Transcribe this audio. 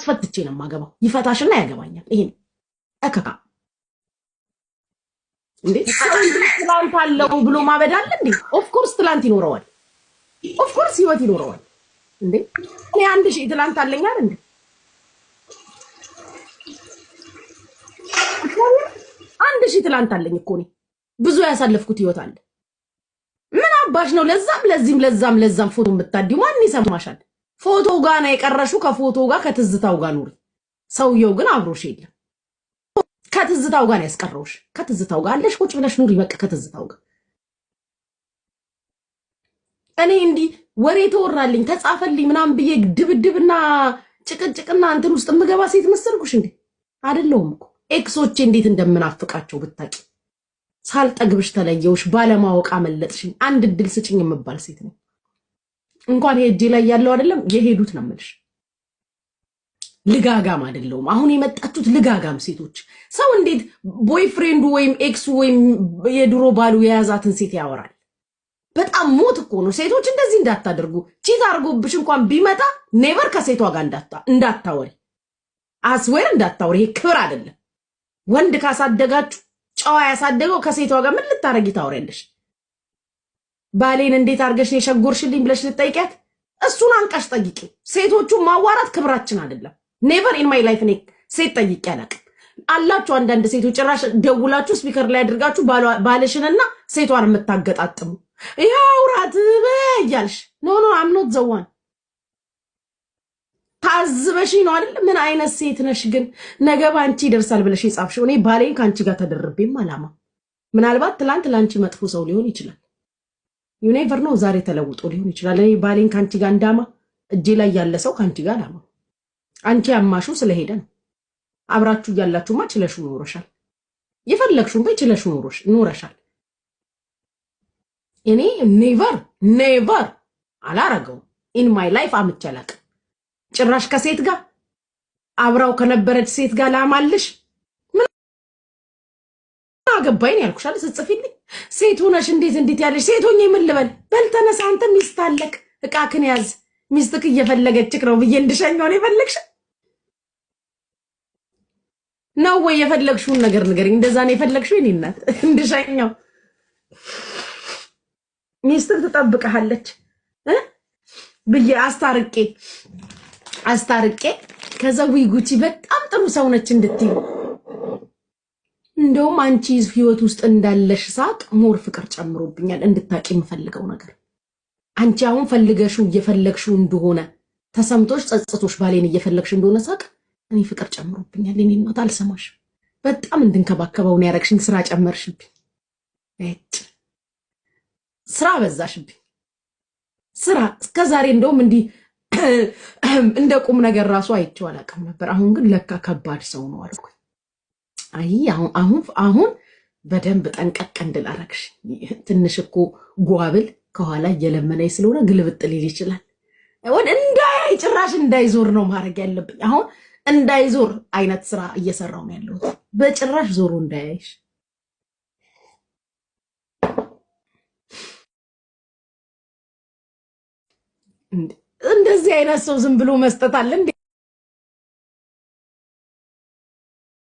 አስፈትቼ ነው የማገባው። ይፈታሽና ያገባኛል። ይሄን እከካ እንዴ ትላንት አለው ብሎ ማበድ አለ እንዴ? ኦፍኮርስ ትላንት ይኖረዋል። ኦፍኮርስ ህይወት ይኖረዋል። እንዴ እኔ አንድ ሺህ ትላንት አለኛል እንዴ አንድ ሺህ ትላንት አለኝ እኮ እኔ ብዙ ያሳለፍኩት ህይወት አለ። ምን አባሽ ነው ለዛም ለዚህም ለዛም ለዛም ፎቶ የምታዲው ማን ይሰማሻል? ፎቶ ጋር ነው የቀረሹ። ከፎቶ ጋር ከትዝታው ጋር ኑሪ። ሰውየው ግን አብሮሽ የለም። ከትዝታው ጋር ነው ያስቀረውሽ። ከትዝታው ጋር አለሽ፣ ቁጭ ብለሽ ኑሪ። በቃ ከትዝታው ጋር እኔ እንዲህ ወሬ ተወራልኝ ተጻፈልኝ ምናምን ብዬ ድብድብና ጭቅጭቅና እንትን ውስጥ የምገባ ሴት መሰልኩሽ እንዴ? አይደለሁም እኮ ኤክሶቼ እንዴት እንደምናፍቃቸው ብታቂ። ሳልጠግብሽ ተለየውሽ፣ ባለማወቅ አመለጥሽኝ፣ አንድ እድል ስጭኝ የምባል ሴት ነው። እንኳን ይሄ እጄ ላይ ያለው አይደለም የሄዱት ነው የምልሽ። ልጋጋም አይደለውም። አሁን የመጣችሁት ልጋጋም ሴቶች። ሰው እንዴት ቦይፍሬንዱ ወይም ኤክሱ ወይም የድሮ ባሉ የያዛትን ሴት ያወራል? በጣም ሞት እኮ ነው። ሴቶች እንደዚህ እንዳታደርጉ። ቺት አድርጎብሽ እንኳን ቢመጣ ኔቨር ከሴቷ ጋር እንዳታወሪ፣ አስዌር እንዳታወሪ። ይሄ ክብር አይደለም። ወንድ ካሳደጋችሁ ጨዋ ያሳደገው ከሴቷ ጋር ምን ልታረጊ ታወሪያለሽ? ባሌን እንዴት አድርገሽ የሸጎርሽልኝ ብለሽ ልጠይቂያት። እሱን አንቃሽ ጠይቂ። ሴቶቹ ማዋራት ክብራችን አይደለም። ኔቨር ኢን ማይ ላይፍ እኔ ሴት ጠይቄ አላውቅም። አላችሁ አንዳንድ ሴቶች ጭራሽ ደውላችሁ ስፒከር ላይ አድርጋችሁ ባልሽንና ሴቷን የምታገጣጥሙ ይኸው እያልሽ ኖ ኖ አምኖት ዘዋን ታዝበሽ ነው አይደል? ምን አይነት ሴት ነሽ ግን ነገ ባንቺ ይደርሳል ብለሽ የጻፍሽው። እኔ ባሌን ከአንቺ ጋር ተደርቤም አላማ ምናልባት ትላንት ለአንቺ መጥፎ ሰው ሊሆን ይችላል። ዩኔቨር ነው ዛሬ ተለውጦ ሊሆን ይችላል። እኔ ባሌን ከአንቺ ጋር እንዳማ እጄ ላይ ያለ ሰው ከአንቺ ጋር አላማ። አንቺ ያማሹ ስለሄደ ነው። አብራችሁ እያላችሁማ ችለሹ ኖረሻል። የፈለግሹን በይ ችለሹ ኖረሻል። እኔ ኔቨር ኔቨር አላረገውም። ኢን ማይ ላይፍ አምቼ አላቅም። ጭራሽ ከሴት ጋር አብራው ከነበረች ሴት ጋር ላማልሽ አገባኝ ነው ያልኩሽ አይደል? ስትጽፊልኝ ሴት ሆነሽ እንዴት እንዴት ያለሽ ሴት ሆኜ ምን ልበል? በል ተነሳ አንተ ሚስት አለክ፣ እቃክን ያዝ፣ ሚስትክ እየፈለገችክ ነው ብዬ እንድሸኘው ነው የፈለግሽ ነው ወይ የፈለግሽውን ነገር ንገሪኝ። እንደዛ ነው የፈለግሽው? የእኔ እናት እንድሸኘው ሚስትክ ትጠብቅሃለች ብዬ አስታርቄ አስታርቄ ከዛ ውይ ጉቺ በጣም ጥሩ ሰው ነች እንድትይው እንደውም አንቺ ህይወት ውስጥ እንዳለሽ ሳቅ ሞር ፍቅር ጨምሮብኛል። እንድታቂ የምፈልገው ነገር አንቺ አሁን ፈልገሽው እየፈለግሽው እንደሆነ ተሰምቶሽ ጸጽቶሽ ባሌን እየፈለግሽ እንደሆነ ሳቅ እኔ ፍቅር ጨምሮብኛል። እኔ እናት አልሰማሽ በጣም እንድንከባከበው ነው ያረግሽኝ። ስራ ጨመርሽብኝ፣ ስራ በዛሽብኝ፣ ስራ እስከ ዛሬ እንደውም እንዲህ እንደ ቁም ነገር ራሱ አይቼው አላውቅም ነበር። አሁን ግን ለካ ከባድ ሰው ነው አልኩኝ። አይ አሁን አሁን አሁን በደንብ ጠንቀቅ እንድላረግሽ። ትንሽ እኮ ጓብል ከኋላ እየለመነኝ ስለሆነ ግልብጥ ሊል ይችላል። ወደ እንዳይ ጭራሽ እንዳይዞር ነው ማድረግ ያለብኝ። አሁን እንዳይዞር አይነት ስራ እየሰራው ነው ያለሁት። በጭራሽ ዞሮ እንዳያይሽ። እንደዚህ አይነት ሰው ዝም ብሎ መስጠት አለ እንዴ?